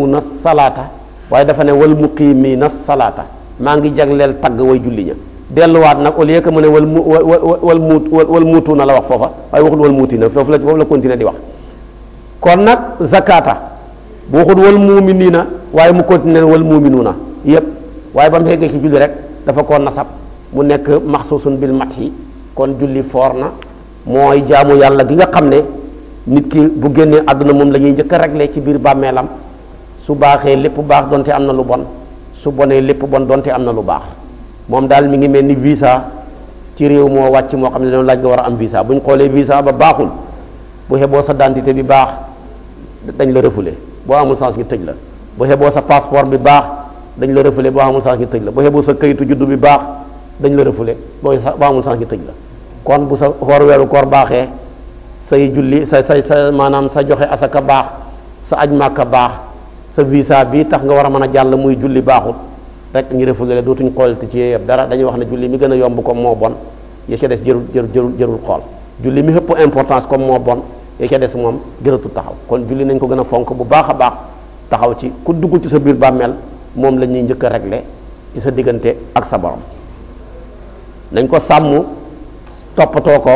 na salaata waaye dafa ne wal muqiimiina salaata maa ngi jagleel tagg way julli ña delluwaat nag au lieu que mu ne wal mu wal muut wal muutuuna la wax foofa waaye waxut wal muutina foofu la foofu la continuer di wax kon nag zakata bu waxut wal muuminiina waaye mu continuer wal muuminuuna yépp waaye ba mu xeggee ci julli rek dafa ko nasab mu nekk maxsuusun bil yi kon julli foor na mooy jaamu yàlla gi nga xam ne nit ki bu génnee àdduna moom lañuy ñuy njëkk ci biir bàmmeelam su baaxee lépp baax donte am na lu bon su bonee lépp bon donte am na lu baax moom daal mi ngi mel ni visa ci réew moo wàcc moo xam ne dañoo laaj nga war a am visa bu ñu xoolee visa ba baaxul bu xeboo sa identité bi baax dañ la refoulé boo amul chance ñu tëj la bu xeboo sa passeport baax dañ la refoulé boo amul chance ñu la bu xeboo sa kayitu juddu bi baax dañ la refoulé boo boo amul chance ñu tëj la kon bu sa xoor kor koor baaxee say julli sa say sa maanaam sa joxe asaka baax sa aj màkka baax sa visa bi tax nga war a mën a jàll muy julli baaxul rek ñu refusé dootuñ xol ci yeb dara dañuy wax na julli mi gëna yomb comme mo bon ya ci des jërul jërul jërul xol julli mi hepp importance comme mo bon ya ca des mom gënatu taxaw kon julli nañ ko gëna fonk bu baaxa baax taxaw ci ku duggu ci sa bir bàmmeel moom la ñuy réglé ci sa digënté ak sa borom nañ ko sammu topato ko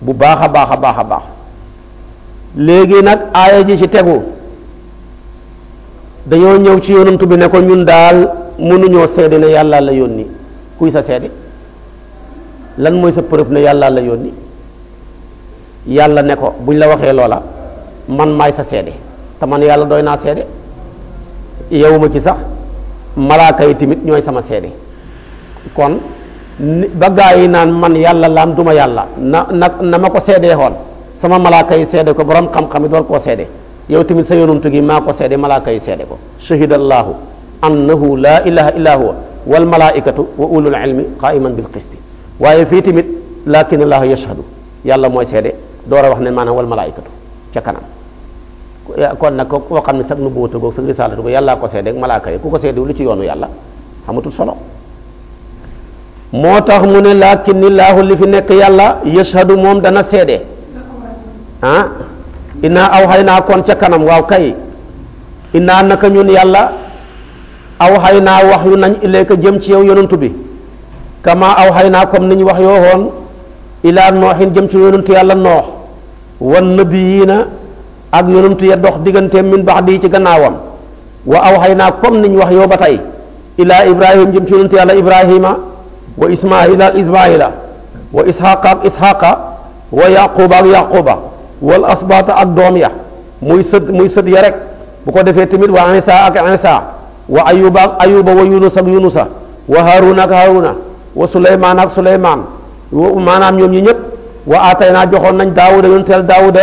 bu baaxa baaxa baaxa baax légui nak léegi ji ci tegu dañu ñëw ci yonantu bi ne ko ñun daal mënuñoo seede ne yàllaa la yónni kuy sa seede lan mooy sa preuve ne yàllaa la yónni yàlla ne ko buñ la waxee loola man maay sa seede te man yàlla doy naa seede yow ma ci sax malaaka yi tamit ñooy sama seede kon ba gaa yi naan man yàlla laam duma yàlla na na na ma ko seedee xool sama malaaka yi seede ko borom xam-xam yi door koo seede yow tamit sa yonumtu gi maa ko seede malaaka yi seede ko shahidallahu annahu laa ilaha illa huwa wal malaikatu wa ulul ilmi qaiman bil qisti waaye fii tamit lakin allahu yashhadu yàlla mooy seede door a wax ne maanaam wal malaikatu ca kanam kon nag koo xam ne sag nu bóota goog sag risaalatu ko yàllaa ko seede ak malaaka yi ku ko seede lu ci yoonu yàlla xamatul solo moo tax mu ne lakin illaahu li fi nekk yàlla yashhadu moom dana seede ah inna aw xay naa kon ca kanam waaw kay inna naka ñun yàlla aw xay naa wax yu jëm ci yow yonantu bi kama aw xay naa comme niñ wax yoo woon ilaa nooxin jëm ci yonantu yàlla noox wan nabiyiina ak yonantu ya dox digganteem min bax ci gannaawam wa aw xay niñ wax yoo ba tey ibrahim jëm ci yonantu yàlla ibrahima wa ismaila ak ismaila wa ishaqa ishaqa wa yaquba yaquba wal asbata ak doom ya muy sët muy sët ya rek bu ko defee tamit wa insa ak insa wa ayuba ayuba wa yunusa ak yunusa wa haruna ak haruna wa suleymaan ak suleymaan maanaam ñoom ñi ñëpp wa atay naa joxoon nañ daawuda yonteel daawuda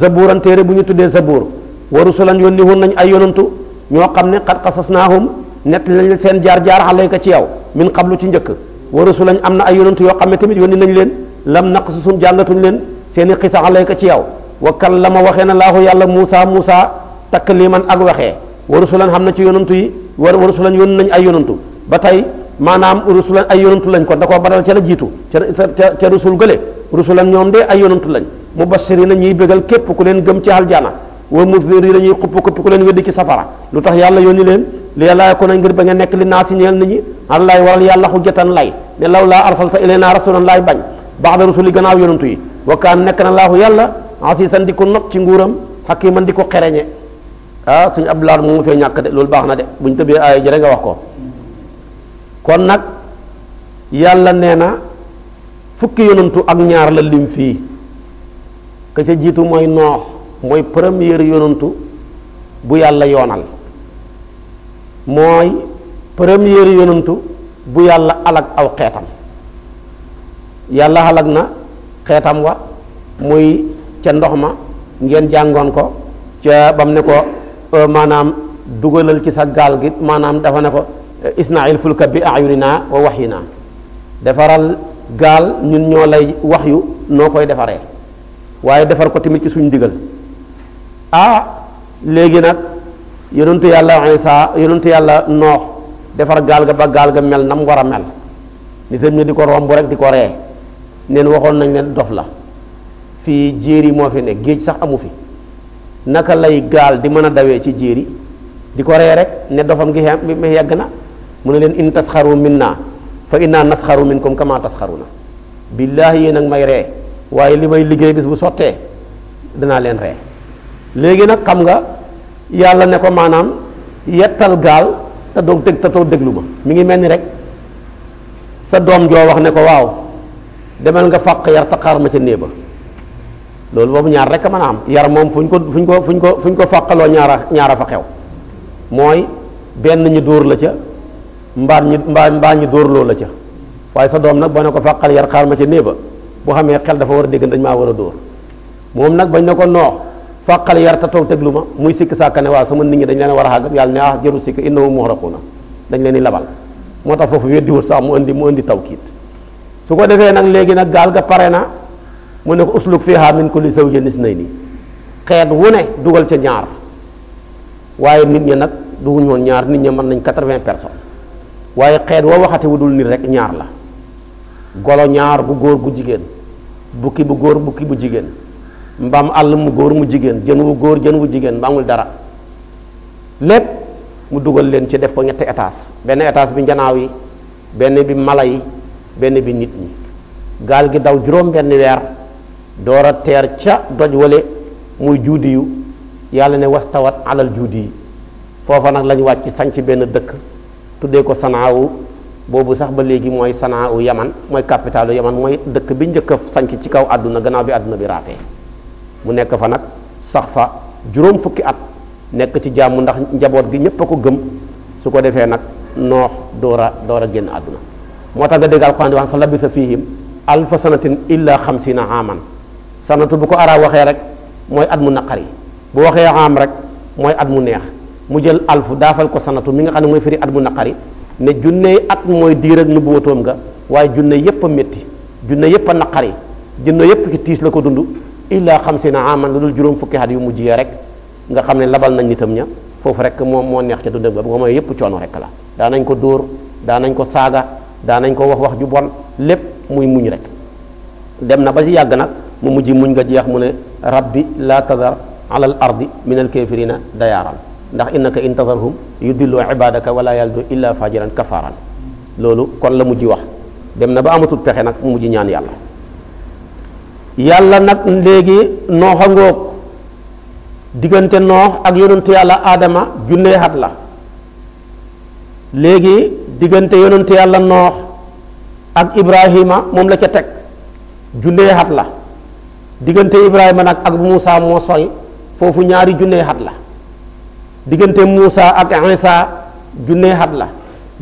zaburan téere bu ñu tuddee zabur wa rusulan yónni woon nañ ay yonantu ñoo xam ne xat xasasnaahum nett lañ seen jaar-jaar xalayka ci yow min qablu ci njëkk wa rusulan am na ay yonantu yoo xam ne tamit yónni nañ leen lam naqsusum jàllatuñ leen seen i xisa xalayka ci yow wa kallama waxee na laahu yàlla Muusa Muusa takliman ak waxee wa rusulan xam na ci yonantu yi wa rusulan yónn yonantu maanaam rusulan ay yonantu lañ kon da koo baral ca la jiitu ca rusul gële rusulan ñoom de ay yonantu lañ mubassirina ñuy bégal képp ku leen gëm ci aljana wa muzirina ñuy xupp képp ku leen weddi ci safara lu tax yàlla yónni leen li yàlla ko na ngir ba nga nekk li naa si ñeel nit ñi an lay waral yàlla xujjatan lay ne law laa arsalta ilayna rasulan laay bañ ba'da rusuli gannaaw yonantu yi wa nekk na laahu yàlla asisan di ko di ko xereñe ah suñu ab laar moom nga fee ñàkk de loolu baax na de buñ tëbee aaya ji rek nga wax ko kon nag yàlla nee na fukki yonantu ak ñaar la lim fii ka ca jiitu mooy noox mooy yonantu bu yàlla yoonal mooy première yonantu bu yàlla alag aw xeetam yàlla alag na xeetam wa muy ca ndox ma ngeen jàngoon ko ca bam ne ko Euh, maanaam dugalal ci sa gaal gi maanaam dafa ne ko euh, isnail fulka bi naa wax wa waxyina defaral gaal ñun ñoo lay wax yu noo koy defaree waaye defar ko tamit ci suñu digal ah léegi nag yonentu yàlla Isa yonentu yàlla noox defar gaal ga ba gaal ga mel na mu war a mel ni seen ñu di ko romb rek di ko ree neen waxoon nañ leen dof la fii jéeri moo fi ne géej sax amu fi naka lay gaal di mën a dawee ci jiir yi di ko ree rek ne dofam gi xem mi yegg na mu ne leen in tasxaru minna fa inna nasxaru minkum kama tasxaruna billaahi yéen nag may ree waaye li may liggéey bis bu sottee danaa leen ree léegi nag xam nga yàlla ne ko maanaam yettal gaal te doog tëg te toog déglu ma mi ngi mel ni rek sa doom joo wax ne ko waaw demal nga fàq yar taxaar ma ca néeba loolu boobu ñaar rek a mën a am yar moom fuñ ko fuñ ko fuñ ko fuñ ko fàqaloo ñaara ñaara fa xew mooy benn ñu dóor la ca mbaar ñu mbaa mbaa ñu dóorloo la ca waaye sa doom nag ba ne ko faqal yar xaar ma ca néeba bu xamee xel dafa war a dégg dañ maa war a dóor moom nag bañ ne ko noox fàqal yar ta toog tegluma muy sikk sàkka ne waa sama nit ñi dañ leen war a xàggam yàlla ne ah jëru sikk innahum muhraquna dañ leen di labal moo tax foofu weddiwut sax mu indi mu indi tawkiit su ko defee nag léegi nag gaal ga pare na mu ne ko usluk fiha min kulli zawjin isnayni xeet wu ne dugal ca ñaar waaye nit ñi nag duguñu woon ñaar nit ñi mën nañ quatre waaye xeet woo waxate wu dul nit rek ñaar la golo ñaar bu góor bu jigéen bukki bu góor bukki bu jigéen mbaam àll mu góor mu jigéen jën wu góor jën wu jigéen mbaamul dara lépp mu dugal leen ci def ko ñetti étage benn étage bi njanaaw yi benn bi mala yi benn bi nit ñi gaal gi daw juróom benn weer door teer ca doj wale muy juudi yàlla ne wastawat alal juudi yi foofa nag lañ wàcc sanc benn dëkk tuddee ko sanaawu boobu sax ba léegi mooy sanaawu yaman mooy capitalu yaman mooy dëkk bi njëkk a sanc ci kaw àdduna gannaaw bi àdduna bi raafee mu nekk fa nag sax fa juróom fukki at nekk ci jàmm ndax njaboot gi ñépp a ko gëm su ko defee nag noox door a door a génn àdduna moo tax nga dégg alxuraan di wax fa labisa fihim alfa sanatin illa xamsina sanatu bu ko arab waxee rek mooy at mu naqari bu waxee am rek mooy at mu neex mu jël alfu daafal ko sanatu mi nga xam ne mooy firi at mu naqari ne junne at mooy diir ak nubuwatoom nga waaye junne yépp a métti junne yépp a naqari junne yépp tiis la ko dund illaa xamsina aman lu dul juróom fukki at yu mujj rek nga xam ne labal nañ nitam ña foofu rek moom moo neex ca dundam ba bu ko mooy yépp coono rek la daa nañ ko dóor daanañ ko saaga daanañ ko wax wax ju bon lépp muy muñ rek dem na ba yàgg nag mu mujj muñ nga jeex mu ne rabbi laa tadar ala al ardi min al kafirina dayaaran ndax innaka yu tadarhum yudillu ibadaka wala yaldu illa fajiran kafaran loolu kon la mujj wax dem na ba amatul pexe nag mu mujj ñaan yàlla yàlla nag léegi nooxa ngoog diggante noox ak yonentu yàlla aadama junnee xat la léegi diggante yonentu yàlla noox ak ibrahima moom la ca teg junnee xat la diggante Ibrahima nag ak Moussa moo sori foofu ñaari junnee xat la diggante Moussa ak Isa junnee xat la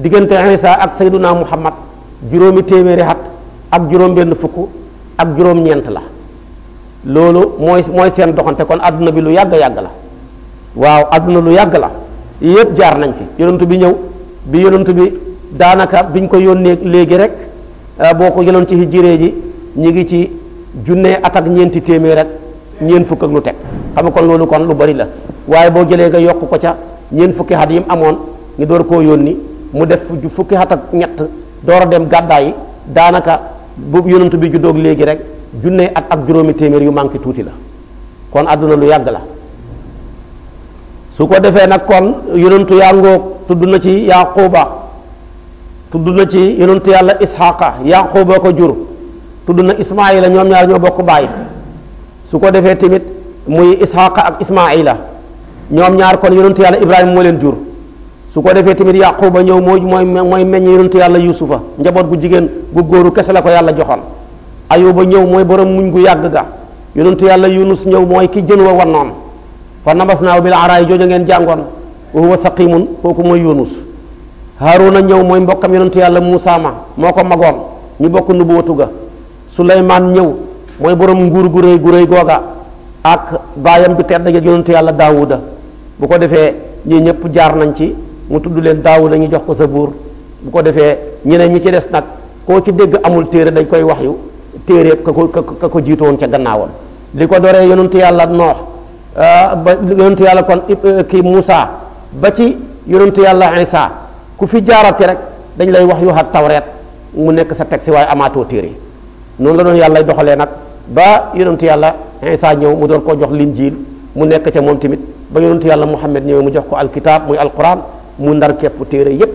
diggante Isa ak Sayyiduna Muhammad juróomi téeméeri xat ak juróom-benn fukk ak juróom-ñeent la loolu mooy mooy seen doxante kon àdduna bi lu yàgg yàgg la waaw adduna lu yàgg la yëpp jaar nañ fi yonent bi ñëw bi yonent bi daanaka biñ ko yónnee léegi rek ah, boo ko jëloon ci hijjiree ji ñu ngi ci. junne at ak ñeenti téeméer ak ñeent fukk ak lu teg xam kon loolu kon lu bari la waaye boo jëlee nga yokk ko ca ñeent fukki at yi amoon ñu door koo yónni mu def fukki at ak ñett door a dem gàddaa daanaka bu yonent bi juddoog léegi rek junne at ak juróomi téeméer yu manqué tuuti la kon àdduna lu yàgg la su ko defee nag kon yonentu yaa tudd na ci yaquba tudd na ci yonentu yàlla ishaqa yaquba ko jur tudd na ismaila ñoom ñaar ñoo bokk baay su ko defee tamit muy ishaqa ak ismaila ñoom ñaar kon yonentu yàlla ibrahima moo leen jur su ko defee tamit yaquba ñëw mooy mooy mooy meññ yonentu yàlla yusufa njaboot gu jigéen gu góoru kese la ko yàlla joxoon ayuba ñëw mooy borom muñ gu yàgg ga yonentu yàlla yunus ñëw mooy ki jën wa wannoon fa nabasnaahu bil araay jooju ngeen jàngoon wa huwa saqimun kooku mooy yunus haruna ñëw mooy mbokkam yonentu yàlla muusa moo ko magoon ñu bokk nubuwatu ga suleymaan ñëw mooy borom nguur gu rëy gu rëy googa ak baayam bi tedd ja yonentu yàlla daawuda bu ko defee ñii ñëpp jaar nañ ci mu tudd leen daawuda ñu jox ko sa buur bu ko defee ñeneen ñi ci des nag koo ci dégg amul téere dañ koy wax yu téere ka ko ka ko jiitoon ca gannaawam li ko doree yonentu yàlla noox ah, ba yonentu yàlla kon eh, kii Muusa ba ci yonentu yàlla Isa ku fi jaarati rek dañ lay wax yu xat tawreet mu nekk sa teg si waaye amaatoo téere noonu la doon yàlla doxalee nag ba yonentu yàlla saa ñëw mu doon koo jox linjiil mu nekk ca moom tamit ba yonentu yàlla Muhammad ñëw mu jox ko alkitab muy alquran mu ndar képp téere yépp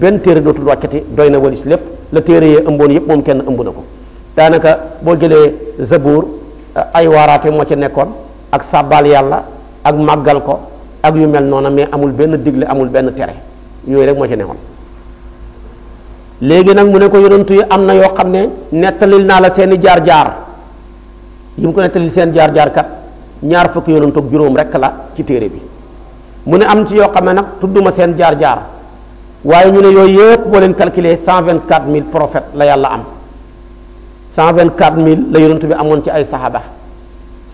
benn téere dootul wàccati doy na walis lépp la téere yee ëmboon yépp moom kenn ëmb na ko daanaka boo jëlee zabuur ay waaraate moo ci nekkoon ak sàbbaal yàlla ak màggal ko ak yu mel noona mais amul benn digle amul benn tere yooyu rek moo ci nekkoon léegi nag mu ne ko yonantu yi am na yoo xam ne nettalil naa la seeni jaar jaar yi mu ko nettalil seen jaar jaar kat ñaar fukki yonantu ak juróom rek la ci téere bi mu ne am ci yoo xam ne nag tudduma seen jaar jaar waaye ñu ne yooyu yëpp boo leen calculer cent vingt quatre mille prophètes la yàlla am cent vingt quatre mille la yonantu bi amoon ci ay saxaaba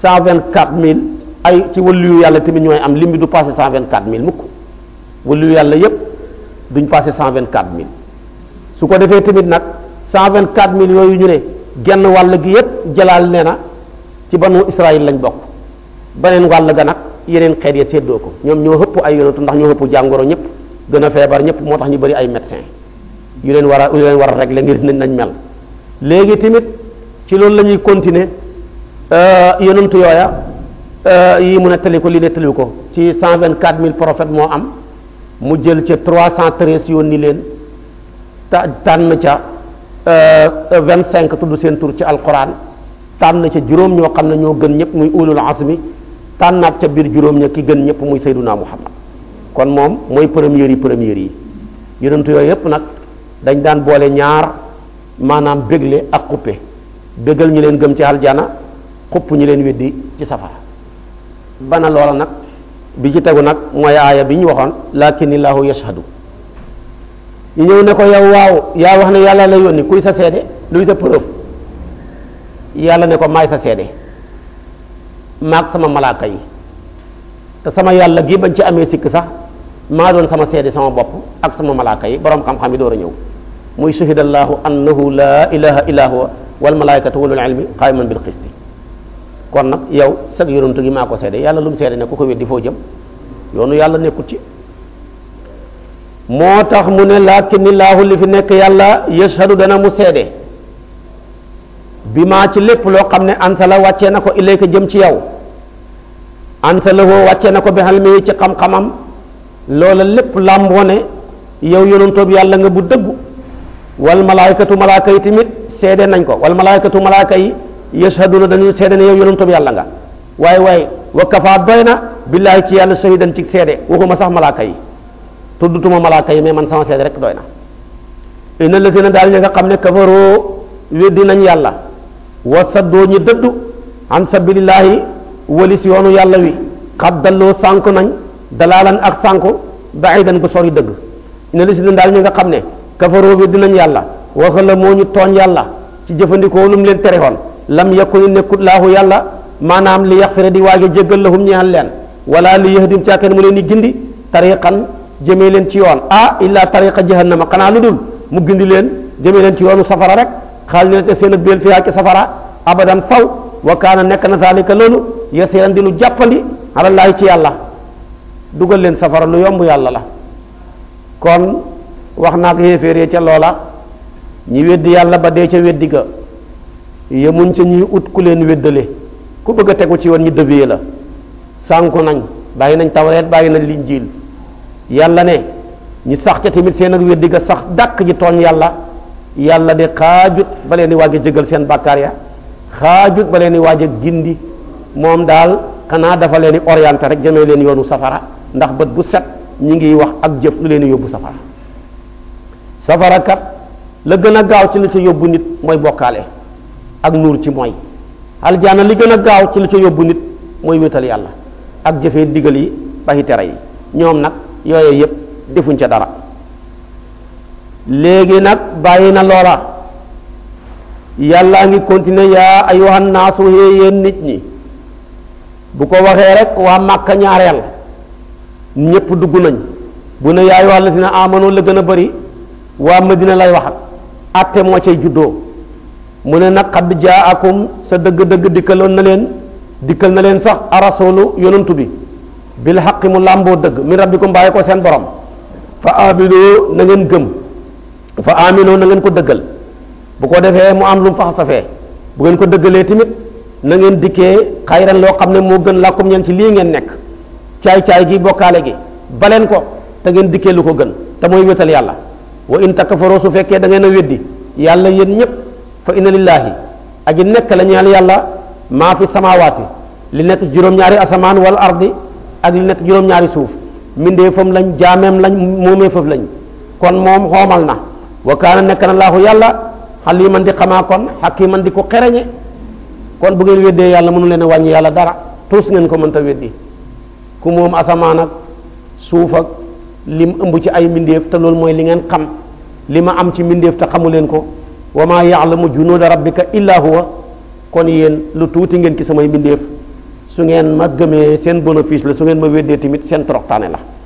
cent vingt quatre mille ay ci wàllu yàlla tamit ñooy am lim bi du passé cent vingt quatre mille yàlla yëpp duñ passé cent vingt quatre mille su ko defee tamit nag cent vingt quatre mille yooyu ñu ne genn wàll gi yépp jalaal nee na ci banu Israël lañ bokk beneen wàll ga nag yeneen xeet ya séddoo ko ñoom ñoo ëpp ay yonentu ndax ñoo ëpp jàngoro ñëpp gën a feebar ñëpp moo tax ñu bari ay médecin yu leen war a yu leen war a régler ngir nañ nañ mel léegi tamit ci loolu la ñuy continuer euh, yonentu yooya euh, yi a nettali ko li nettali ko ci cent vingt quatre mille prophètes moo am mu jël ca trois cent treize yónni leen tànn ca euh, euh, vingt cinq tudd seen tur ci alquran tànn ca juróom ñoo xam na ñoo gën ñëpp muy ulul azmi tànnaat ca biir juróom ña ki gën ñëpp muy sayduna muhammad kon moom mooy première yi première yi yonentu yooyu yëpp nag dañ daan boole ñaar maanaam bégle ak xuppe bégal ñu leen gëm ci aljana xupp ñu leen weddi ci safara bana loola nag bi ci tegu nag mooy aaya bi ñu waxoon lakin illahu yashhadu ñu ñëw ne ko yow waaw yaa wax ne yàlla la yónni kuy sa seede luy sa preuve yàlla ne ko maay sa seede maag sama malaaka yi te sama yàlla gi bañ ci amee sikk sax maa doon sama seede sama bopp ak sama malaaka yi boroom xam-xam yi door a ñëw muy shahidallahu annahu laa ilaha illa huwa wal malaikatu walul ilmi qaiman bil qisti kon nag yow sag yonantu gi maa ko seede yàlla lu mu seede ne ku ko weddi foo jëm yoonu yàlla nekkut ci moo tax mu ne lakinnillaahu li fi nekk yàlla yashhadu dana mu seede bi maa ci lépp loo xam ne ansala wàccee na ko ilayka jëm ci yow ansala woo wàccee na ko bi xalmi ci xam-xamam loola lépp làmboo ne yow yonentoob yàlla nga bu dëggu wal malaayikatu malaaka yi tamit seede nañ ko wal malaayikatu malaaka yi yashhaduna dañuy seede ne yow yonentoob yàlla nga waaye waaye wa kafaa doy na billaahi ci yàlla shahidan ci seede waxuma sax malaaka yi tuddutuma malaaka yi mais man sama seede rek doy na inna lazina daal ñi nga xam ne kafaroo weddi nañ yàlla wa saddoo ñi dëddu an sabilillahi walis yoonu yàlla wi xad dalloo sànku nañ dalaalan ak sànku baidan gu sori dëgg si lazina daal ñi nga xam ne kafaroo weddi nañ yàlla waxa la moo ñu tooñ yàlla ci jëfandikoo lu mu leen tere woon lam yakuni nekkut laahu yàlla maanaam li yaxfira di waage jéggal lahum ñeel leen wala li yahdim caaken mu leen di gindi tariqan jëmee leen ci yoon ah illa tariqa jahannama xanaa lu dul mu gindi leen jëmee leen ci yoonu safara rek xaal leen te seen ak ci safara abadan faw wa kaana nekk na zalika loolu yasiran di lu jàppandi alallaahi ci yàlla dugal leen safara lu yomb yàlla la kon wax naa ko yéeféer ca loola ñi weddi yàlla ba dee ca weddi ga yemuñ ca ñuy ut ku leen weddale ku bëgg a tegu ci woon ñu dëbee la sànku nañ bàyyi nañ tawreet bàyyi nañ linjiil yàlla ne ñu sax ca tamit seen ak weddi ga sax dàq ji tooñ yàlla yàlla de xaajut ba leen di waaj a seen bàkkaar ya xaajut ba leen di waaj a gindi moom daal xanaa dafa leen di orienté rek jëmee leen yoonu safara ndax bët bu set ñu ngi wax ak jëf lu leen di yóbbu safara safara kat la gën a gaaw ci lu ca yóbbu nit mooy bokkaale ak nuur ci mooy aljaana li gën a gaaw ci lu ca yóbbu nit mooy wéetal yàlla ak jëfee digal yi baxi tere yi ñoom nag yooyu yëpp defuñ ca dara léegi nag bàyyi na loola yàllaa ngi continuer yaa ayyuhan naasu yéen nit ñi bu ko waxee rek waa màkka ñaareel ñëpp dugg nañ bu ne yaay wàll si na la gën a bari waa madina lay waxat atte moo cay juddoo mu ne nag xadd jaa akum sa dëgg-dëgg dikkaloon na leen dikkal na leen sax arasolu yonantu bi bil xaqi mu làmboo dëgg min rabbikum bàyyi ko seen borom fa aminoo na ngeen gëm fa aminoo na ngeen ko dëggal bu ko defee mu am lu mu fa xasafee bu ngeen ko dëggalee tamit na ngeen dikkee xayran loo xam ne moo gën làkkum ñeen ci lii ngeen nekk caay-caay gi bokkaale gi baleen ko te ngeen dikkee lu ko gën te mooy wétal yàlla wa in takkafaroo su fekkee da ngeen a weddi yàlla yéen ñëpp fa inna lillaahi aji nekk la ñeel yàlla maa fi samaawaati li nekk juróom-ñaari asamaan wal ardi ak li nekk juróom-ñaari suuf mbindeefam lañ jaameem lañ moomeefam lañ kon moom xoomal na wa kaana nekk na laahu yàlla man di xamaa kon man di ko xereñe kon bu ngeen weddee yàlla mënu leen wàññi yàlla dara tuus ngeen ko mënta weddi ku moom asamaan ak suuf ak lim ëmb ci ay mbindeef te loolu mooy li ngeen xam li ma am ci mbindeef te xamu leen ko wa maa yaalamu junuuda rabbika illaa huwa kon yéen lu tuuti ngeen ci samay mbindeef su ngeen ma gëmee seen bénéfice la su ma weddee tamit seen toroxtaane la